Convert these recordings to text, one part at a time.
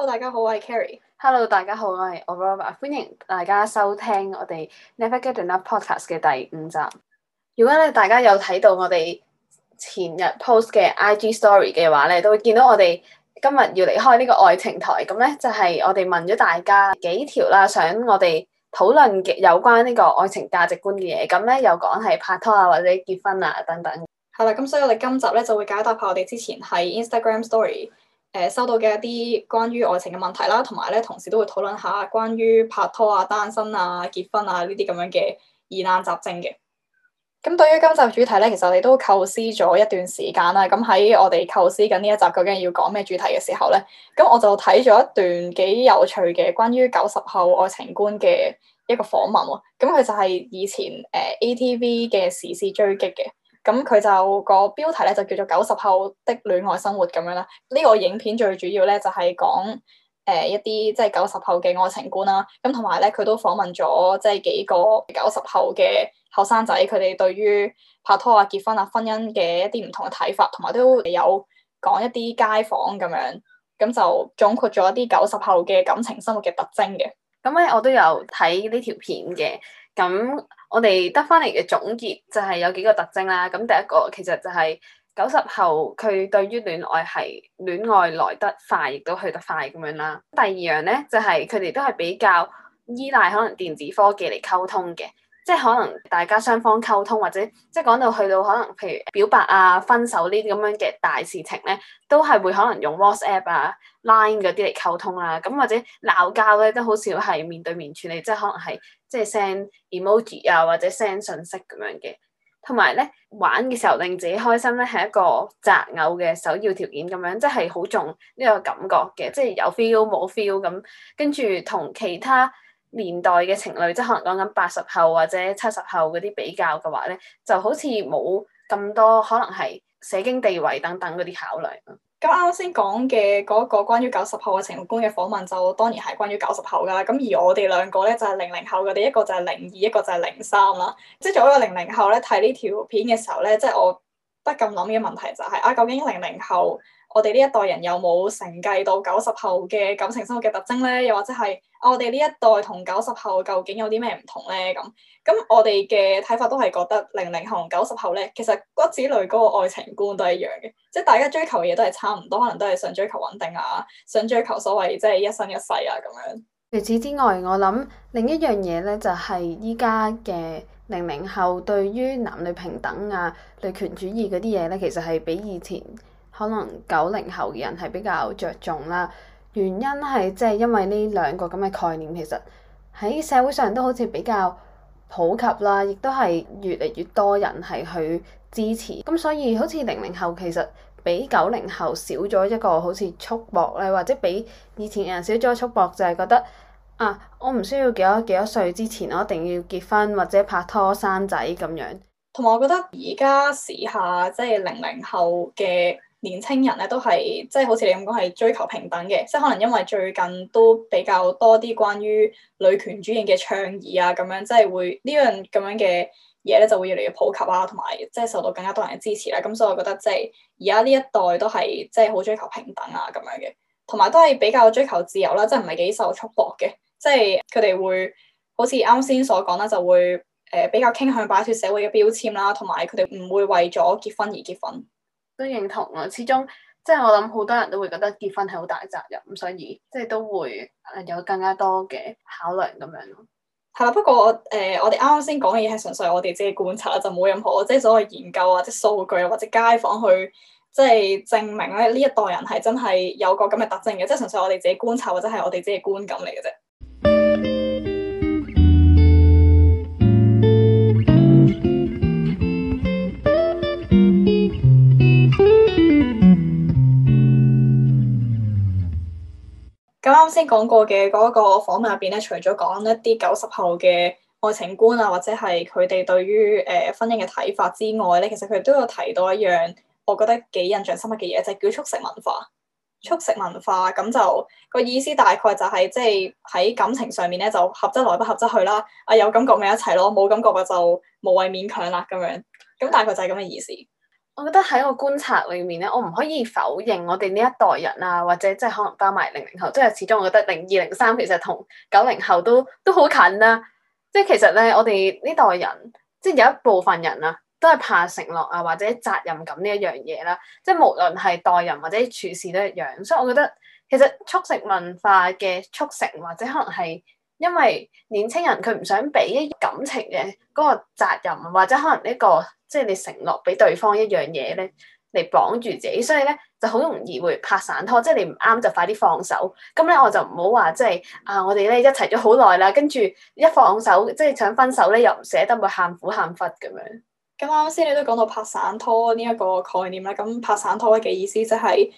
hello，大家好，我係 Carrie。hello，大家好，我係 Olivia，歡迎大家收聽我哋 Never Get Enough Podcast 嘅第五集。如果你大家有睇到我哋前日 post 嘅 IG story 嘅話咧，都會見到我哋今日要離開呢個愛情台。咁咧就係我哋問咗大家幾條啦，想我哋討論嘅有關呢個愛情價值觀嘅嘢。咁咧又講係拍拖啊，或者結婚啊等等。係啦，咁所以我哋今集咧就會解答下我哋之前喺 Instagram story。誒，收到嘅一啲關於愛情嘅問題啦，同埋咧，同事都會討論下關於拍拖啊、單身啊、結婚啊呢啲咁樣嘅疑難雜症嘅。咁對於今集主題咧，其實我哋都構思咗一段時間啦。咁喺我哋構思緊呢一集究竟要講咩主題嘅時候咧，咁我就睇咗一段幾有趣嘅關於九十後愛情觀嘅一個訪問喎。咁佢就係以前誒 ATV 嘅時事追擊嘅。咁佢就、那個標題咧就叫做《九十後的戀愛生活》咁樣啦。呢個影片最主要咧就係、是、講誒、呃、一啲即係九十後嘅愛情觀啦、啊。咁同埋咧佢都訪問咗即係幾個九十後嘅後生仔，佢哋對於拍拖啊、結婚啊、婚姻嘅一啲唔同嘅睇法，同埋都有講一啲街訪咁樣。咁、嗯、就總括咗一啲九十後嘅感情生活嘅特徵嘅。咁咧我都有睇呢條片嘅。咁我哋得翻嚟嘅總結就係有幾個特徵啦。咁第一個其實就係九十後，佢對於戀愛係戀愛來得快，亦都去得快咁樣啦。第二樣呢就係佢哋都係比較依賴可能電子科技嚟溝通嘅。即係可能大家雙方溝通，或者即係講到去到可能，譬如表白啊、分手呢啲咁樣嘅大事情咧，都係會可能用 WhatsApp 啊、Line 嗰啲嚟溝通啦、啊。咁或者鬧交咧，都好少係面對面處理，即係可能係即係 send emoji 啊，或者 send 信息咁樣嘅。同埋咧，玩嘅時候令自己開心咧，係一個擇偶嘅首要條件咁樣，即係好重呢個感覺嘅，即係有 feel 冇 feel 咁，跟住同其他年代嘅情侶，即係可能講緊八十後或者七十後嗰啲比較嘅話咧，就好似冇咁多可能係社經地位等等嗰啲考慮。咁啱先講嘅嗰一個關於九十後嘅情侶觀嘅訪問，就當然係關於九十後噶啦。咁而我哋兩個咧就係零零後嘅。我哋一個就係零二，一個就係零三啦。即係作為一個零零後咧，睇呢條片嘅時候咧，即係我不禁諗嘅問題就係、是、啊，究竟零零後？我哋呢一代人有冇承繼到九十後嘅感情生活嘅特徵呢？又或者係、啊、我哋呢一代同九十後究竟有啲咩唔同呢？咁咁我哋嘅睇法都係覺得零零後同九十後呢，其實骨子裏嗰個愛情觀都一樣嘅，即係大家追求嘅嘢都係差唔多，可能都係想追求穩定啊，想追求所謂即係一生一世啊咁樣。除此之外，我諗另一樣嘢呢，就係依家嘅零零後對於男女平等啊、女權主義嗰啲嘢呢，其實係比以前。可能九零後嘅人係比較着重啦，原因係即係因為呢兩個咁嘅概念，其實喺社會上都好似比較普及啦，亦都係越嚟越多人係去支持。咁所以好似零零後其實比九零後少咗一個好似束縛咧，或者比以前人少咗個束縛，就係覺得啊，我唔需要幾多幾多歲之前我一定要結婚或者拍拖生仔咁樣。同埋我覺得而家時下即係零零後嘅。年青人咧都係即係好似你咁講，係追求平等嘅，即係可能因為最近都比較多啲關於女權主義嘅倡議啊，咁樣即係會這樣這樣呢樣咁樣嘅嘢咧就會越嚟越普及啊，同埋即係受到更加多人嘅支持啦、啊。咁、嗯、所以我覺得即係而家呢一代都係即係好追求平等啊咁樣嘅，同埋都係比較追求自由啦、啊，即係唔係幾受束縛嘅，即係佢哋會好似啱先所講啦，就會誒、呃、比較傾向擺脱社會嘅標籤啦、啊，同埋佢哋唔會為咗結婚而結婚。都認同咯，始終即係我諗好多人都會覺得結婚係好大責任，咁所以即係都會有更加多嘅考量咁樣咯。係啦，不過誒、呃，我哋啱啱先講嘅嘢係純粹我哋自己觀察啦，就冇任何即係所謂研究啊、即係數據或者街訪去即係證明咧呢一代人係真係有個咁嘅特徵嘅，即係純粹我哋自己觀察或者係我哋自己觀感嚟嘅啫。啱先講過嘅嗰個訪問入邊咧，除咗講一啲九十後嘅愛情觀啊，或者係佢哋對於誒婚姻嘅睇法之外咧，其實佢哋都有提到一樣我覺得幾印象深刻嘅嘢，就係叫速食文化。速食文化咁就個意思大概就係即係喺感情上面咧就合則來不合則去啦。啊有感覺咪一齊咯，冇感覺嘅就無謂勉強啦咁樣。咁大概就係咁嘅意思。我覺得喺個觀察裏面咧，我唔可以否認我哋呢一代人啊，或者即係可能包埋零零後，即係始終我覺得零二零三其實同九零後都都好近啦。即係其實咧，我哋呢代人即係有一部分人啊，都係怕承諾啊，或者責任感呢一樣嘢啦。即係無論係待人或者處事都一樣，所以我覺得其實速食文化嘅速成或者可能係。因為年輕人佢唔想俾一感情嘅嗰個責任，或者可能呢個即係你承諾俾對方一樣嘢咧嚟綁住自己，所以咧就好容易會拍散拖。即係你唔啱就快啲放手。咁咧我就唔好話即係啊，我哋咧一齊咗好耐啦，跟住一放手即係想分手咧又唔捨得，咪喊苦喊忽咁樣。咁啱先，你都講到拍散拖呢一個概念啦。咁拍散拖嘅意思就係。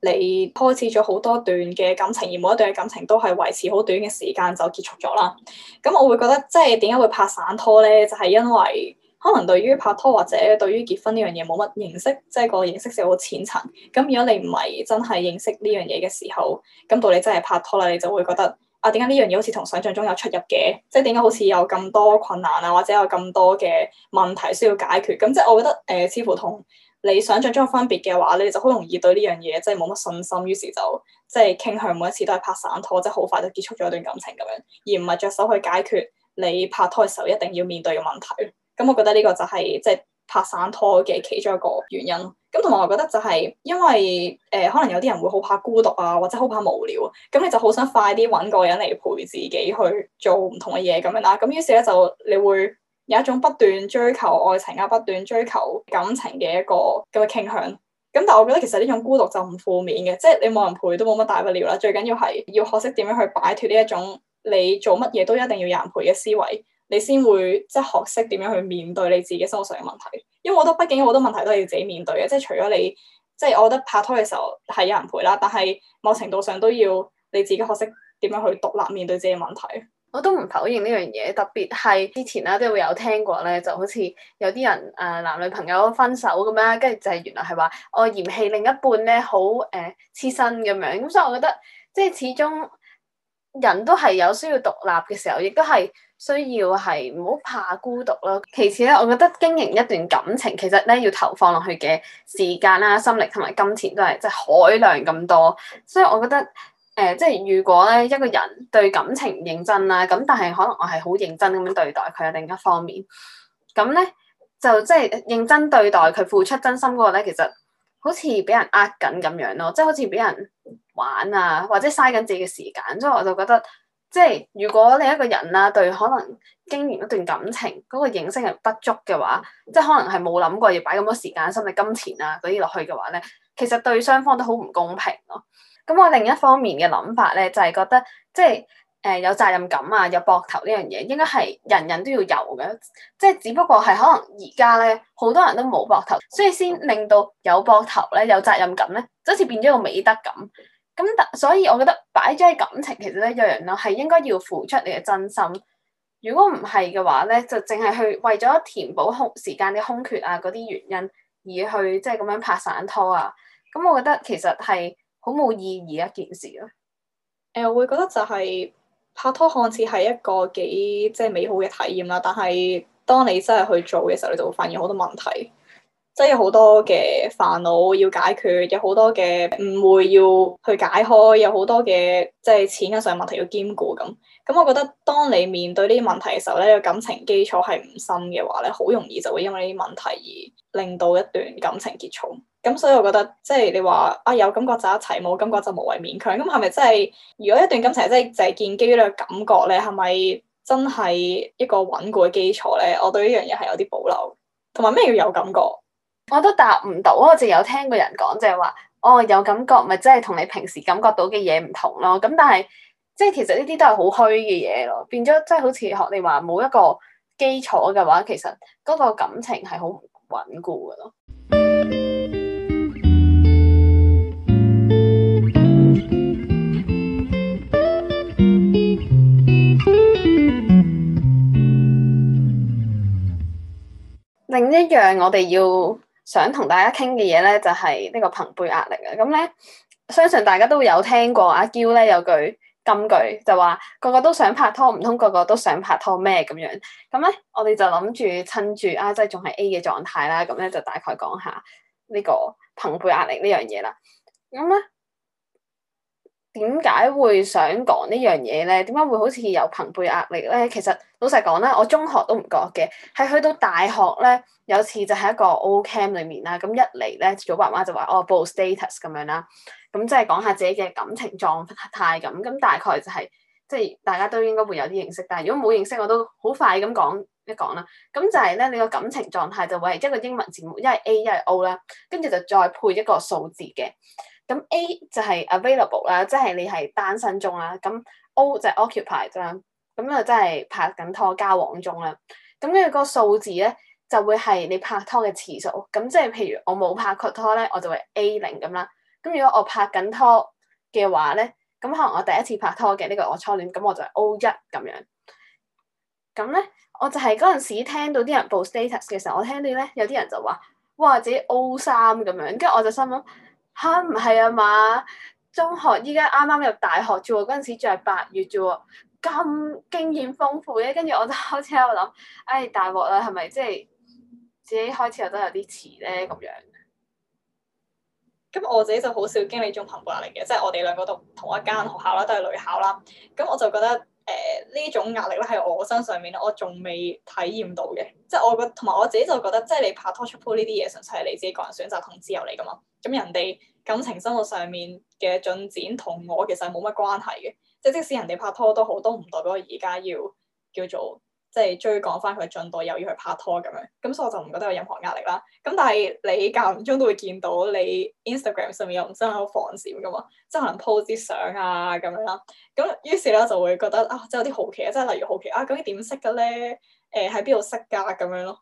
你開始咗好多段嘅感情，而每一段嘅感情都係維持好短嘅時間就結束咗啦。咁我會覺得即係點解會拍散拖咧？就係、是、因為可能對於拍拖或者對於結婚呢樣嘢冇乜認識，即、就、係、是、個認識性好淺層。咁如果你唔係真係認識呢樣嘢嘅時候，咁到你真係拍拖啦，你就會覺得啊，點解呢樣嘢好似同想像中有出入嘅？即係點解好似有咁多困難啊，或者有咁多嘅問題需要解決？咁即係我覺得誒、呃，似乎同。你想像中有分別嘅話，你就好容易對呢樣嘢即係冇乜信心，於是就即係傾向每一次都係拍散拖，即係好快就結束咗一段感情咁樣，而唔係着手去解決你拍拖嘅時候一定要面對嘅問題。咁我覺得呢個就係、是、即係拍散拖嘅其中一個原因。咁同埋我覺得就係、是、因為誒、呃、可能有啲人會好怕孤獨啊，或者好怕無聊，咁你就好想快啲搵個人嚟陪自己去做唔同嘅嘢咁樣啦。咁於是咧就你會。有一種不斷追求愛情啊，不斷追求感情嘅一個咁嘅傾向。咁但係我覺得其實呢種孤獨就唔負面嘅，即係你冇人陪都冇乜大不了啦。最緊要係要學識點樣去擺脫呢一種你做乜嘢都一定要有人陪嘅思維，你先會即係學識點樣去面對你自己生活上嘅問題。因為我覺得畢竟好多問題都係要自己面對嘅，即係除咗你即係我覺得拍拖嘅時候係有人陪啦，但係某程度上都要你自己學識點樣去獨立面對自己嘅問題。我都唔否認呢樣嘢，特別係之前啦，都會有聽過咧，就好似有啲人誒、呃，男女朋友分手咁樣，跟住就係原來係話我嫌棄另一半咧，好誒、呃、黐身咁樣，咁所以我覺得即係始終人都係有需要獨立嘅時候，亦都係需要係唔好怕孤獨咯。其次咧，我覺得經營一段感情，其實咧要投放落去嘅時間啦、心力同埋金錢都係即係海量咁多，所以我覺得。誒、呃，即係如果咧，一個人對感情唔認真啦，咁但係可能我係好認真咁樣對待佢啊，另一方面，咁咧就即係認真對待佢付出真心嗰個咧，其實好似俾人呃緊咁樣咯，即係好似俾人玩啊，或者嘥緊自己嘅時間，所以我就覺得，即係如果你一個人啦，對可能經營一段感情嗰、嗰個認識係不足嘅話，即係可能係冇諗過要擺咁多時間、甚至金錢啊嗰啲落去嘅話咧，其實對雙方都好唔公平咯、啊。咁我另一方面嘅諗法咧，就係、是、覺得即係誒、呃、有責任感啊，有膊頭呢樣嘢應該係人人都要有嘅，即係只不過係可能而家咧好多人都冇膊頭，所以先令到有膊頭咧有責任感咧，就好似變咗個美德咁。咁所以我覺得擺咗喺感情其實一樣咯，係應該要付出你嘅真心。如果唔係嘅話咧，就淨係去為咗填補空時間嘅空缺啊嗰啲原因而去即係咁樣拍散拖啊。咁我覺得其實係。好冇意義一件事啦。誒、呃，我會覺得就係、是、拍拖看似係一個幾即係美好嘅體驗啦，但係當你真係去做嘅時候，你就會發現好多問題，即係有好多嘅煩惱要解決，有好多嘅誤會要去解開，有好多嘅即係錢嘅上問題要兼顧咁。咁我覺得當你面對呢啲問題嘅時候咧，個感情基礎係唔深嘅話咧，好容易就會因為呢啲問題而令到一段感情結束。咁所以我覺得，即係你話啊有感覺就一齊，冇感覺就無謂勉強。咁係咪真係如果一段感情真係就係建基於呢個感覺咧，係咪真係一個穩固嘅基礎咧？我對呢樣嘢係有啲保留。同埋咩叫有感覺？我都答唔到。我淨係有聽過人講就係話，哦有感覺咪真係同你平時感覺到嘅嘢唔同咯。咁但係即係其實呢啲都係好虛嘅嘢咯，變咗即係好似學你話冇一個基礎嘅話，其實嗰個感情係好穩固噶咯。另一樣我哋要想同大家傾嘅嘢咧，就係呢個朋輩壓力啊。咁咧，相信大家都有聽過阿嬌咧有句金句，就話個個都想拍拖，唔通個個都想拍拖咩咁樣？咁咧，我哋就諗住趁住啊，即係仲係 A 嘅狀態啦，咁咧就大概講下呢個朋輩壓力呢樣嘢啦。咁咧。點解會想講呢樣嘢咧？點解會好似有朋輩壓力咧？其實老實講咧，我中學都唔覺嘅，係去到大學咧，有次就喺一個 Ocam 裡面啦，咁一嚟咧，組爸媽就話：我、哦、報 status 咁樣啦，咁即係講下自己嘅感情狀態咁。咁、嗯嗯、大概就係即係大家都應該會有啲認識，但係如果冇認識，我都好快咁講一講啦。咁就係咧，你個感情狀態就會係一個英文字母，一係 A，一係 O 啦，跟住就再配一個數字嘅。咁 A 就係 available 啦，即係你係單身中啦。咁 O 就係 occupied 啦，咁啊即係拍緊拖交往中啦。咁跟住個數字咧就會係你拍拖嘅次數。咁即係譬如我冇拍過拖咧，我就會 A 零咁啦。咁如果我拍緊拖嘅話咧，咁可能我第一次拍拖嘅呢個我初戀，咁我就係 O 一咁樣。咁咧我就係嗰陣時聽到啲人報 status 嘅時候，我聽到咧有啲人就話：哇，自己 O 三咁樣。跟住我就心諗。嚇唔係啊嘛！中學依家啱啱入大學啫喎，嗰陣時仲係八月啫喎，咁經驗豐富嘅，跟住我就開始喺度諗，唉、哎，大鑊啦，係咪即係自己開始又都有啲遲咧咁樣？咁我自己就好少經歷中貧富壓力嘅，即、就、係、是、我哋兩個讀同一間學校啦，都係女校啦，咁我就覺得。誒呢、呃、種壓力咧喺我身上面，我仲未體驗到嘅，即係我覺同埋我自己就覺得，即係你拍拖出 pool 呢啲嘢，純粹係你自己個人選擇同自由嚟噶嘛。咁人哋感情生活上面嘅進展同我其實係冇乜關係嘅，即係即使人哋拍拖都好，都唔代表我而家要叫做。即係追趕返佢嘅進度，又要去拍拖咁樣，咁所以我就唔覺得有任何壓力啦。咁但係你間唔中都會見到你 Instagram 上面有唔少人好放閃㗎嘛，即係可能 po 啲相啊咁樣啦。咁於是咧就會覺得啊，即係有啲好奇啊，即係例如好奇啊，咁你點識嘅咧？誒、呃，喺邊度識噶咁樣咯？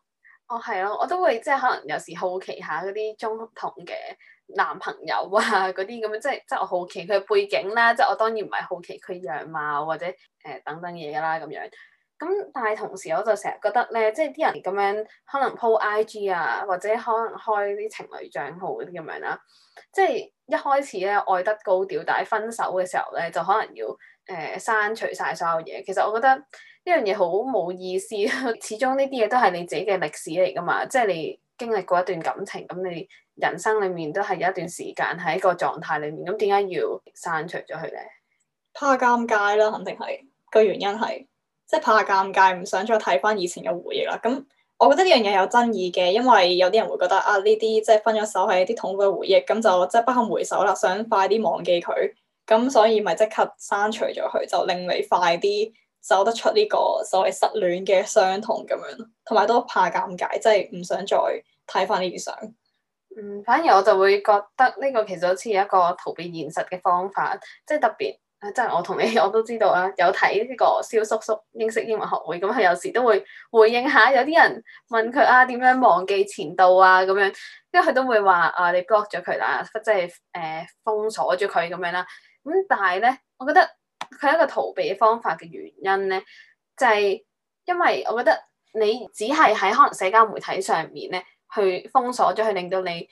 哦，係咯、啊，我都會即係可能有時好奇下嗰啲中同嘅男朋友啊嗰啲咁樣，即係即係我好奇佢嘅背景啦，即係我當然唔係好奇佢樣貌或者誒、呃、等等嘢啦咁樣。咁，但係同時我就成日覺得咧，即係啲人咁樣可能 po IG 啊，或者可能開啲情侶帳號嗰啲咁樣啦。即係一開始咧愛得高調，但係分手嘅時候咧就可能要誒、呃、刪除晒所有嘢。其實我覺得呢樣嘢好冇意思。始終呢啲嘢都係你自己嘅歷史嚟㗎嘛，即係你經歷過一段感情，咁你人生裡面都係有一段時間喺一個狀態裡面。咁點解要刪除咗佢咧？怕尷尬啦，肯定係個原因係。即係怕尷尬，唔想再睇翻以前嘅回憶啦。咁我覺得呢樣嘢有爭議嘅，因為有啲人會覺得啊，呢啲即係分咗手係一啲痛苦嘅回憶，咁就即係不堪回首啦，想快啲忘記佢，咁所以咪即刻刪除咗佢，就令你快啲走得出呢個所謂失戀嘅傷痛咁樣。同埋都怕尷尬，即係唔想再睇翻呢啲相。嗯，反而我就會覺得呢個其實好似一個逃避現實嘅方法，即係特別。即係我同你，我都知道啊。有睇呢個蕭叔叔英式英文學會，咁佢有時都會回應下，有啲人問佢啊，點樣忘記前度啊咁樣，跟住佢都會話啊，你 block 咗佢啦，即係誒、呃、封鎖咗佢咁樣啦。咁但係咧，我覺得佢係一個逃避方法嘅原因咧，就係、是、因為我覺得你只係喺可能社交媒體上面咧去封鎖咗佢，去令到你。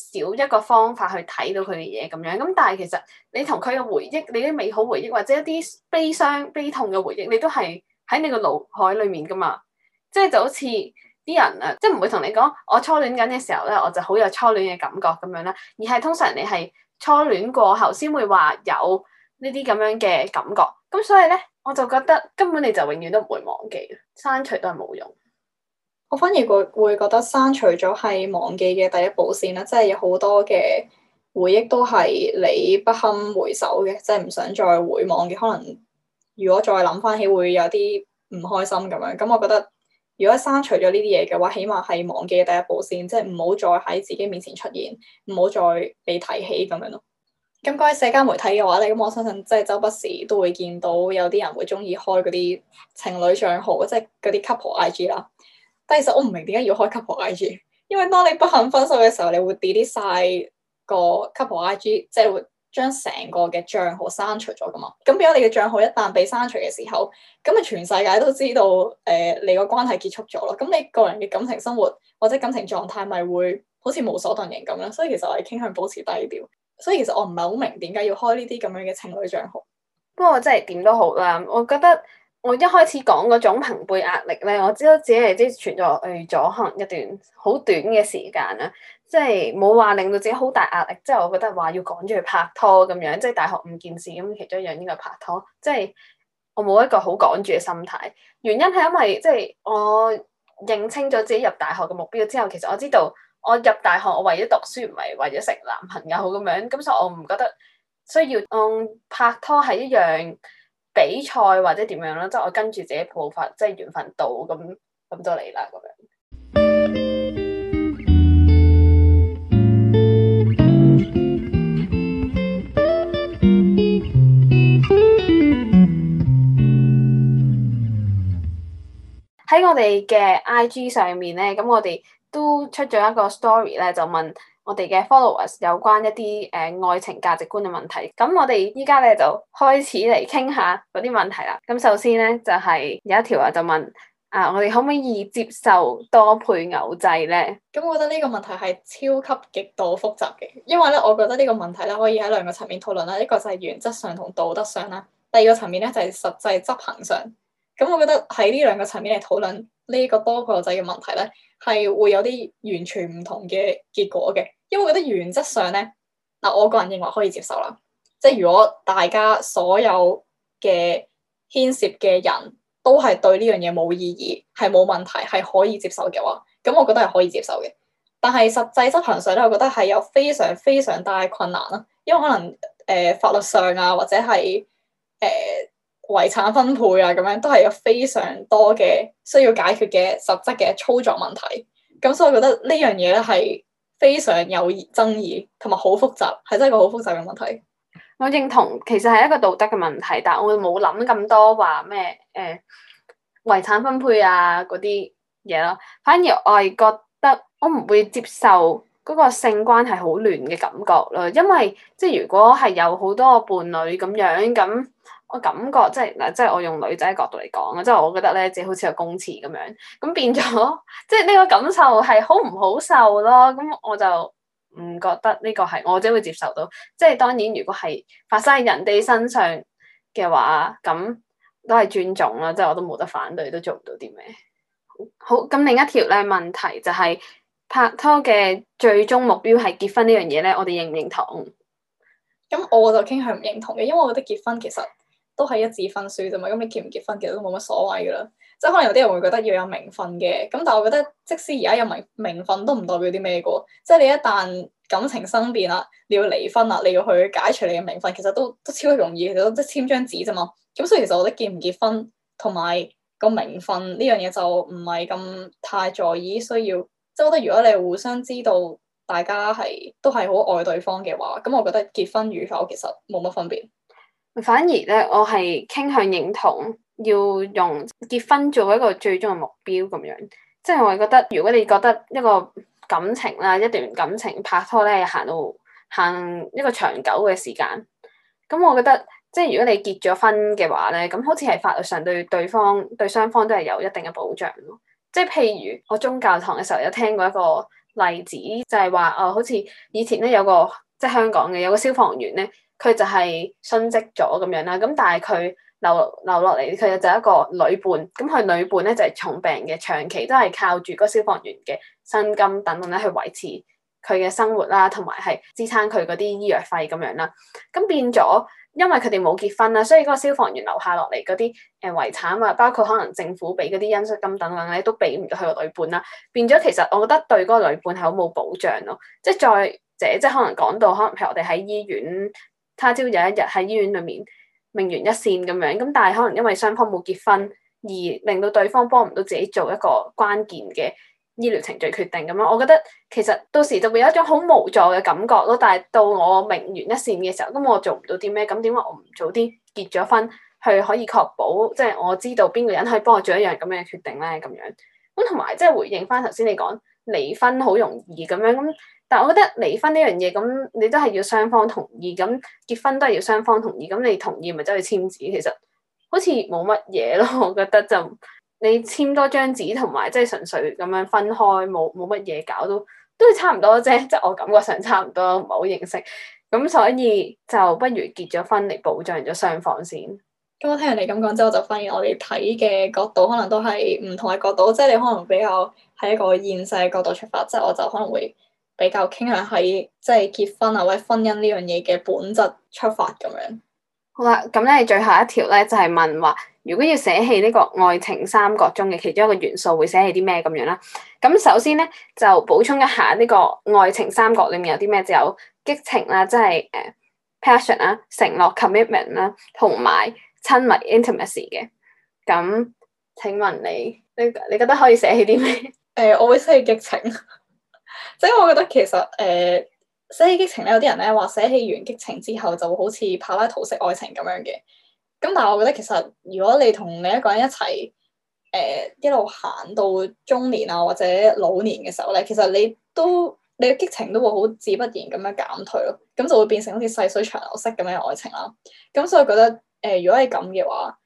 少一個方法去睇到佢嘅嘢咁樣，咁但係其實你同佢嘅回憶，你啲美好回憶或者一啲悲傷悲痛嘅回憶，你都係喺你個腦海裡面噶嘛。即係就好似啲人啊，即係唔會同你講，我初戀緊嘅時候咧，我就好有初戀嘅感覺咁樣啦。而係通常你係初戀過後先會話有呢啲咁樣嘅感覺。咁所以咧，我就覺得根本你就永遠都唔會忘記，刪除都係冇用。我反而會會覺得刪除咗係忘記嘅第一步先啦，即係有好多嘅回憶都係你不堪回首嘅，即係唔想再回望嘅。可能如果再諗翻起會有啲唔開心咁樣。咁我覺得如果刪除咗呢啲嘢嘅話，起碼係忘記嘅第一步先，即係唔好再喺自己面前出現，唔好再被提起咁樣咯。咁講起社交媒體嘅話咧，咁我相信即係周不時都會見到有啲人會鍾意開嗰啲情侶賬號，即係嗰啲 couple IG 啦。但其實我唔明點解要開 couple IG，因為當你不肯分手嘅時候，你會 delete 晒個 couple IG，即係會將成個嘅賬號刪除咗㗎嘛。咁變咗你嘅賬號一旦被刪除嘅時候，咁咪全世界都知道誒、呃、你個關係結束咗咯。咁你個人嘅感情生活或者感情狀態咪會好似無所遁形咁啦。所以其實我係傾向保持低調。所以其實我唔係好明點解要開呢啲咁樣嘅情侶賬號。不過真係點都好啦、啊，我覺得。我一開始講嗰種朋輩壓力咧，我知道自己係即係存在咗可能一段好短嘅時間啦，即係冇話令到自己好大壓力，即係我覺得話要趕住去拍拖咁樣，即係大學五件事咁，其中一樣應該拍拖，即係我冇一個好趕住嘅心態。原因係因為即係、就是、我認清咗自己入大學嘅目標之後，其實我知道我入大學我為咗讀書，唔係為咗成男朋友咁樣，咁所以我唔覺得需要按拍拖係一樣。比賽或者點樣啦，即係我跟住自己步伐，即係緣分到咁，咁就嚟啦，咁樣。喺我哋嘅 IG 上面咧，咁我哋都出咗一個 story 咧，就問。我哋嘅 followers 有關一啲誒愛情價值觀嘅問題，咁我哋依家咧就開始嚟傾下嗰啲問題啦。咁首先咧就係有一條啊，就問啊，我哋可唔可以接受多配偶制咧？咁我覺得呢個問題係超級極度複雜嘅，因為咧，我覺得呢個問題咧可以喺兩個層面討論啦。一個就係原則上同道德上啦，第二個層面咧就係實際執行上。咁我覺得喺呢兩個層面嚟討論呢個多配偶制嘅問題咧，係會有啲完全唔同嘅結果嘅。因為我覺得原則上咧，嗱我個人認為可以接受啦。即係如果大家所有嘅牽涉嘅人都係對呢樣嘢冇異議，係冇問題，係可以接受嘅話，咁我覺得係可以接受嘅。但係實際執行上咧，我覺得係有非常非常大嘅困難啦。因為可能誒、呃、法律上啊，或者係誒、呃、遺產分配啊樣，咁樣都係有非常多嘅需要解決嘅實質嘅操作問題。咁所以我覺得呢樣嘢咧係。非常有爭議，同埋好複雜，係真係一個好複雜嘅問題。我認同，其實係一個道德嘅問題，但我冇諗咁多話咩誒遺產分配啊嗰啲嘢咯。反而我係覺得，我唔會接受嗰個性關係好亂嘅感覺咯。因為即係如果係有好多個伴侶咁樣咁。我感覺即係嗱，即係我用女仔角度嚟講啊，即係我覺得咧，自己好似個公廁咁樣，咁變咗，即係呢個感受係好唔好受咯。咁我就唔覺得呢個係我真會接受到。即係當然，如果係發生喺人哋身上嘅話，咁都係尊重啦。即係我都冇得反對，都做唔到啲咩。好，咁另一條咧問題就係、是、拍拖嘅最終目標係結婚呢樣嘢咧，我哋認唔認同？咁我就傾向唔認同嘅，因為我覺得結婚其實都係一紙婚書啫嘛，咁你結唔結婚其實都冇乜所謂噶啦。即係可能有啲人會覺得要有名分嘅，咁但係我覺得即使而家有名名分都唔代表啲咩噶。即係你一旦感情生變啦，你要離婚啦，你要去解除你嘅名分，其實都都超級容易，其實即係簽張紙啫嘛。咁所以其實我覺得，結唔結婚同埋個名分呢樣嘢就唔係咁太在意，需要即係、就是、我覺得如果你互相知道大家係都係好愛對方嘅話，咁我覺得結婚與否其實冇乜分別。反而咧，我係傾向認同要用結婚做一個最終嘅目標咁樣，即係我係覺得，如果你覺得一個感情啦，一段感情拍拖咧，行到行一個長久嘅時間，咁我覺得，即係如果你結咗婚嘅話咧，咁好似係法律上對對方對雙方都係有一定嘅保障咯。即係譬如我宗教堂嘅時候有聽過一個例子，就係話，誒、哦，好似以前咧有個即係香港嘅有個消防員咧。佢就係殉職咗咁樣啦，咁但係佢留留落嚟，佢就一個女伴。咁佢女伴咧就係重病嘅長期，都係靠住嗰消防員嘅薪金等等咧去維持佢嘅生活啦，同埋係支撐佢嗰啲醫藥費咁樣啦。咁變咗，因為佢哋冇結婚啦，所以嗰消防員留下落嚟嗰啲誒遺產啊，包括可能政府俾嗰啲恩恤金等等咧，都俾唔到佢個女伴啦。變咗，其實我覺得對嗰個女伴係好冇保障咯。即係再者，即係可能講到，可能譬如我哋喺醫院。他朝有一日喺醫院裏面命懸一線咁樣，咁但係可能因為雙方冇結婚，而令到對方幫唔到自己做一個關鍵嘅醫療程序決定咁樣，我覺得其實到時就會有一種好無助嘅感覺咯。但係到我命懸一線嘅時候，咁我做唔到啲咩？咁點解我唔早啲結咗婚，去可以確保即係、就是、我知道邊個人可以幫我做一樣咁樣嘅決定咧？咁樣咁同埋即係回應翻頭先你講離婚好容易咁樣咁。但我覺得離婚呢樣嘢咁，你都係要雙方同意，咁結婚都係要雙方同意，咁你同意咪走去簽字，其實好似冇乜嘢咯。我覺得就你簽多張紙同埋即係純粹咁樣分開，冇冇乜嘢搞都都係差唔多啫，即係我感覺上差唔多，唔係好認識，咁所以就不如結咗婚嚟保障咗雙方先。咁我聽人哋咁講之後，我就發現我哋睇嘅角度可能都係唔同嘅角度，即係你可能比較喺一個現世嘅角度出發，即係我就可能會。比較傾向喺即係結婚啊，或者婚姻呢樣嘢嘅本質出發咁樣。好啦，咁、嗯、咧最後一條咧就係、是、問話，如果要捨棄呢個愛情三角中嘅其中一個元素會捨，會捨棄啲咩咁樣啦？咁、嗯、首先咧就補充一下呢個愛情三角裏面有啲咩，就有激情啦，即係誒、uh, passion 啦，承諾 commitment 啦，同埋親密 intimacy 嘅。咁、嗯、請問你，你你覺得可以捨棄啲咩？誒、欸，我會捨棄激情。即係我覺得其實誒、呃、捨棄激情咧，有啲人咧話捨棄完激情之後就會好似柏拉圖式愛情咁樣嘅。咁但係我覺得其實如果你同另一個人一齊誒、呃、一路行到中年啊或者老年嘅時候咧，其實你都你嘅激情都會好自不然咁樣減退咯。咁就會變成好似細水長流式咁樣愛情啦。咁所以我覺得誒、呃，如果係咁嘅話，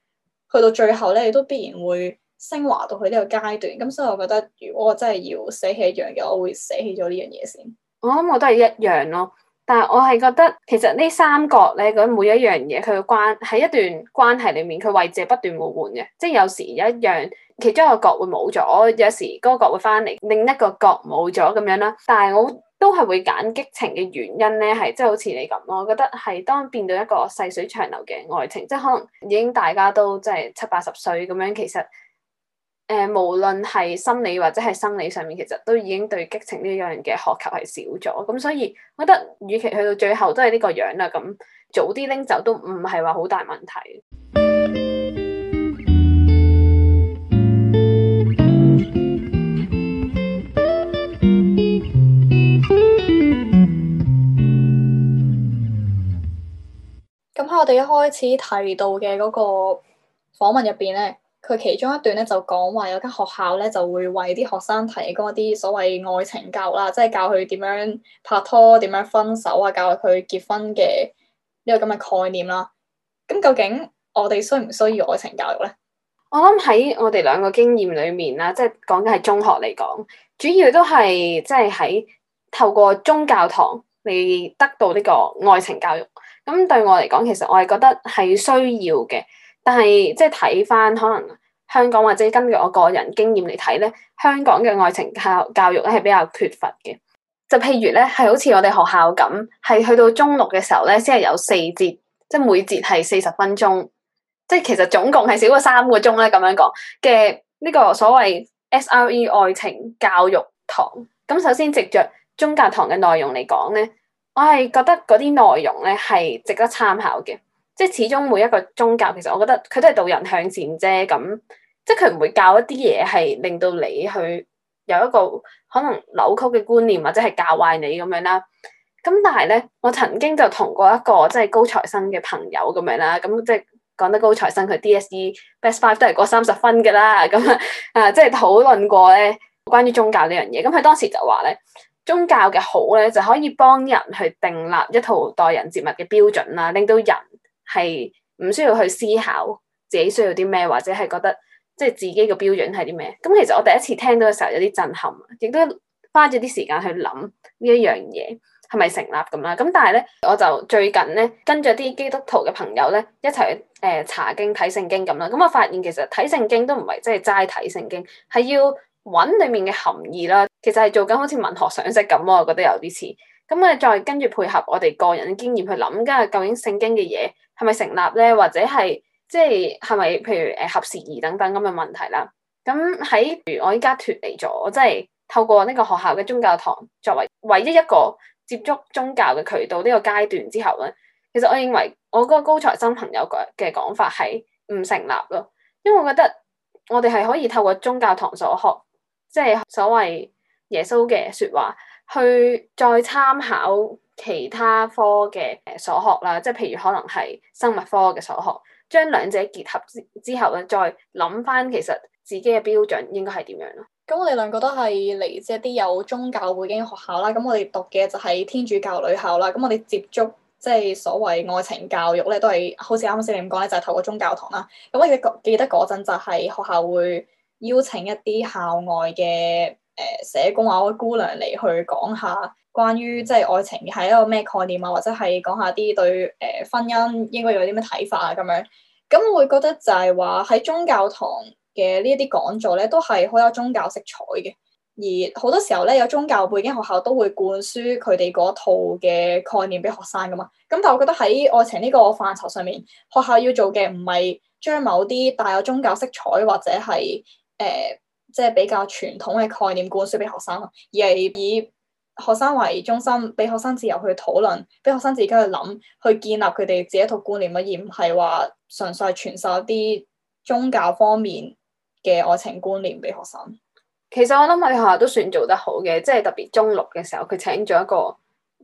去到最後咧都必然會升華到佢呢個階段，咁所以我覺得，如果我真係要捨棄一樣嘢，我會捨棄咗呢樣嘢先。我諗，我都係一樣咯。但係我係覺得，其實三角呢三個咧，咁每一樣嘢佢嘅關喺一段關係裏面，佢位置係不斷互換嘅。即係有時有一樣其中一個角會冇咗，有時嗰個角會翻嚟，另一個角冇咗咁樣啦。但係我都係會揀激情嘅原因咧，係即係好似你咁咯。我覺得係當變到一個細水長流嘅愛情，即係可能已經大家都即係七八十歲咁樣，其實。誒，無論係心理或者係生理上面，其實都已經對激情呢樣嘢嘅渴求係少咗，咁所以我覺得，與其去到最後都係呢個樣啦，咁早啲拎走都唔係話好大問題。咁喺我哋一開始提到嘅嗰個訪問入邊咧。佢其中一段咧就講話有間學校咧就會為啲學生提供一啲所謂愛情教育啦，即係教佢點樣拍拖、點樣分手啊，教佢結婚嘅呢個咁嘅概念啦。咁究竟我哋需唔需要愛情教育咧？我諗喺我哋兩個經驗裏面啦，即係講緊係中學嚟講，主要都係即係喺透過宗教堂嚟得到呢個愛情教育。咁對我嚟講，其實我係覺得係需要嘅。但係，即係睇翻可能香港或者根據我個人經驗嚟睇咧，香港嘅愛情教教育咧係比較缺乏嘅。就譬如咧，係好似我哋學校咁，係去到中六嘅時候咧，先係有四節，即係每節係四十分鐘，即係其實總共係少過三個鐘咧。咁樣講嘅呢個所謂 SRE 愛情教育堂。咁首先，藉着中教堂嘅內容嚟講咧，我係覺得嗰啲內容咧係值得參考嘅。即係始終每一個宗教，其實我覺得佢都係導人向前啫。咁即係佢唔會教一啲嘢係令到你去有一個可能扭曲嘅觀念，或者係教壞你咁樣啦。咁但係咧，我曾經就同過一個即係高材生嘅朋友咁樣啦。咁即係講得高材生，佢 DSE best five 都係過三十分㗎啦。咁啊，即係討論過咧關於宗教呢樣嘢。咁佢當時就話咧，宗教嘅好咧就可以幫人去訂立一套待人接物嘅標準啦，令到人，係唔需要去思考自己需要啲咩，或者係覺得即係、就是、自己嘅標準係啲咩？咁其實我第一次聽到嘅時候有啲震撼，亦都花咗啲時間去諗呢一樣嘢係咪成立咁啦。咁但係咧，我就最近咧跟住啲基督徒嘅朋友咧一齊誒、呃、查經睇聖經咁啦，咁我發現其實睇聖經都唔係即係齋睇聖經，係要搵裏面嘅含義啦。其實係做緊好似文學賞析咁，我覺得有啲似。咁啊再跟住配合我哋個人嘅經驗去諗，今日究竟聖經嘅嘢。係咪成立咧？或者係即係咪？就是、是是譬如誒、呃、合時宜等等咁嘅問題啦。咁喺我依家脱離咗，即、就、係、是、透過呢個學校嘅宗教堂作為唯一一個接觸宗教嘅渠道呢個階段之後咧，其實我認為我嗰個高材生朋友嘅講法係唔成立咯，因為我覺得我哋係可以透過宗教堂所學，即、就、係、是、所謂耶穌嘅説話去再參考。其他科嘅誒所學啦，即係譬如可能係生物科嘅所學，將兩者結合之之後咧，再諗翻其實自己嘅標準應該係點樣咯。咁我哋兩個都係嚟自一啲有宗教背景嘅學校啦，咁我哋讀嘅就係天主教女校啦，咁我哋接觸即係、就是、所謂愛情教育咧，都係好似啱先你咁講咧，就係、是、透過宗教堂啦。咁我哋記得記得嗰陣就係學校會邀請一啲校外嘅。誒，社工啊，我姑娘嚟，去講下關於即係愛情嘅係一個咩概念啊，或者係講下啲對誒、呃、婚姻應該有啲咩睇法啊咁樣。咁我會覺得就係話喺宗教堂嘅呢一啲講座咧，都係好有宗教色彩嘅。而好多時候咧，有宗教背景學校都會灌輸佢哋嗰套嘅概念俾學生噶嘛。咁但係我覺得喺愛情呢個範疇上面，學校要做嘅唔係將某啲帶有宗教色彩或者係誒。呃即係比較傳統嘅概念灌輸俾學生，而係以學生為中心，俾學生自由去討論，俾學生自己去諗，去建立佢哋自己一套觀念，乜而唔係話純粹係傳授一啲宗教方面嘅愛情觀念俾學生。其實我諗我哋學校都算做得好嘅，即係特別中六嘅時候，佢請咗一個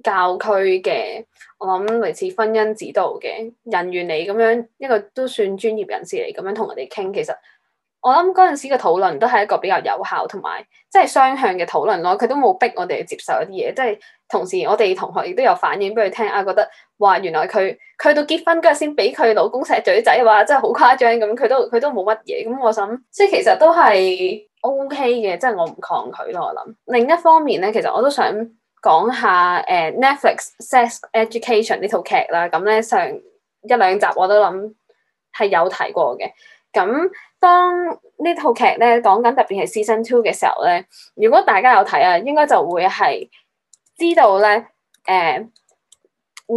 教區嘅我諗類似婚姻指導嘅人員嚟咁樣，一個都算專業人士嚟咁樣同人哋傾，其實。我諗嗰陣時嘅討論都係一個比較有效，同埋即係雙向嘅討論咯。佢都冇逼我哋接受一啲嘢，即係同時我哋同學亦都有反映俾佢聽啊，覺得哇，原來佢佢到結婚嗰日先俾佢老公錫嘴仔，話真係好誇張咁。佢都佢都冇乜嘢，咁我諗即係其實都係 O K 嘅，即係我唔抗拒咯。我諗另一方面咧，其實我都想講下誒、呃、Netflix Sex Education 呢套劇啦。咁咧上一兩集我都諗係有提過嘅。咁當套劇呢套劇咧講緊特別係 Season Two 嘅時候咧，如果大家有睇啊，應該就會係知道咧，誒、呃、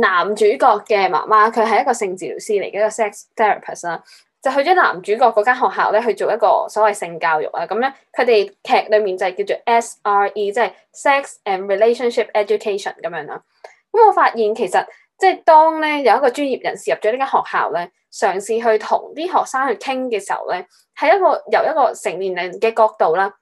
男主角嘅媽媽佢係一個性治療師嚟嘅一個 sex therapist 啦,就去咗男主角嗰間學校咧去做一個所謂性教育啊，咁咧佢哋劇裏面就係叫做 SRE，即係 sex and relationship education 咁樣啦。咁我發現其實。即係當咧有一個專業人士入咗呢間學校咧，嘗試去同啲學生去傾嘅時候咧，係一個由一個成年人嘅角度啦，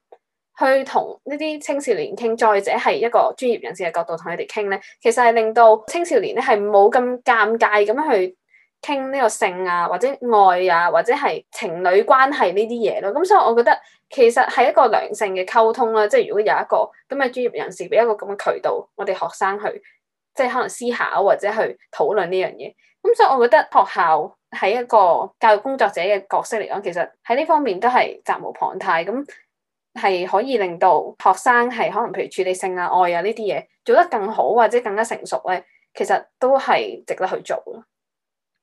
去同呢啲青少年傾，再者係一個專業人士嘅角度同佢哋傾咧，其實係令到青少年咧係冇咁尷尬咁樣去傾呢個性啊，或者愛啊，或者係情侶關係呢啲嘢咯。咁、嗯、所以我覺得其實係一個良性嘅溝通啦。即係如果有一個咁嘅專業人士俾一個咁嘅渠道，我哋學生去。即係可能思考或者去討論呢樣嘢，咁所以我覺得學校喺一個教育工作者嘅角色嚟講，其實喺呢方面都係責無旁貸，咁係可以令到學生係可能譬如處理性啊、愛啊呢啲嘢做得更好或者更加成熟咧，其實都係值得去做咯。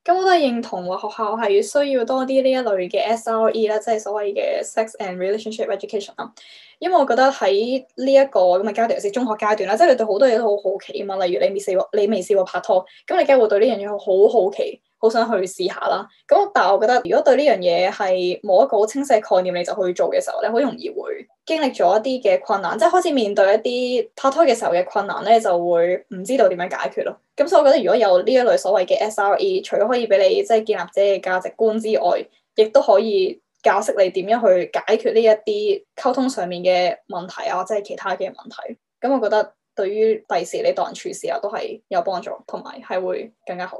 咁我都係認同話學校係需要多啲呢一類嘅 SRE 啦，即係所謂嘅 Sex and Relationship Education 啊。因為我覺得喺呢一個咁嘅階段，尤其中學階段啦，即係你對好多嘢都好好奇啊嘛。例如你未試過，你未試過拍拖，咁你梗係會對呢樣嘢好好奇。好想去試下啦，咁但係我覺得，如果對呢樣嘢係冇一個好清晰概念，你就去做嘅時候咧，好容易會經歷咗一啲嘅困難，即係開始面對一啲拍拖嘅時候嘅困難咧，就會唔知道點樣解決咯。咁所以我覺得，如果有呢一類所謂嘅 SRE，除咗可以俾你即係、就是、建立自己嘅價值觀之外，亦都可以教識你點樣去解決呢一啲溝通上面嘅問題啊，或者係其他嘅問題。咁我覺得對於第時你當人處事啊，都係有幫助，同埋係會更加好。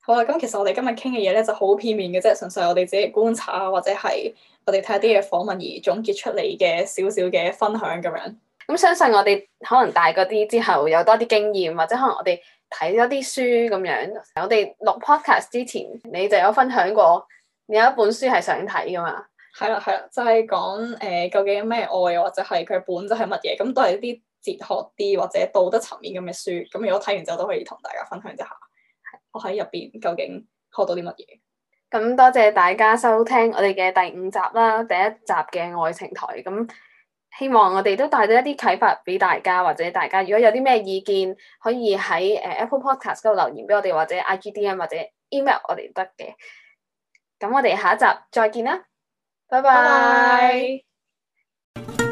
好啦，咁其實我哋今日傾嘅嘢咧就好片面嘅啫，純粹我哋自己觀察或者係我哋睇下啲嘢訪問而總結出嚟嘅少少嘅分享咁樣。咁、嗯、相信我哋可能大個啲之後有多啲經驗，或者可能我哋。睇咗啲書咁樣，我哋錄 podcast 之前，你就有分享過你有一本書係想睇噶嘛？係啦係啦，就係講誒究竟咩愛或者係佢本質係乜嘢，咁都係一啲哲學啲或者道德層面咁嘅書。咁如果睇完之後都可以同大家分享一下。我喺入邊究竟學到啲乜嘢？咁多謝大家收聽我哋嘅第五集啦，第一集嘅愛情台咁。希望我哋都帶咗一啲啟發俾大家，或者大家如果有啲咩意見，可以喺、uh, Apple Podcast 度留言俾我哋，或者 IGDM 或者 email 我哋得嘅。咁我哋下一集再見啦，拜拜 bye。Bye bye。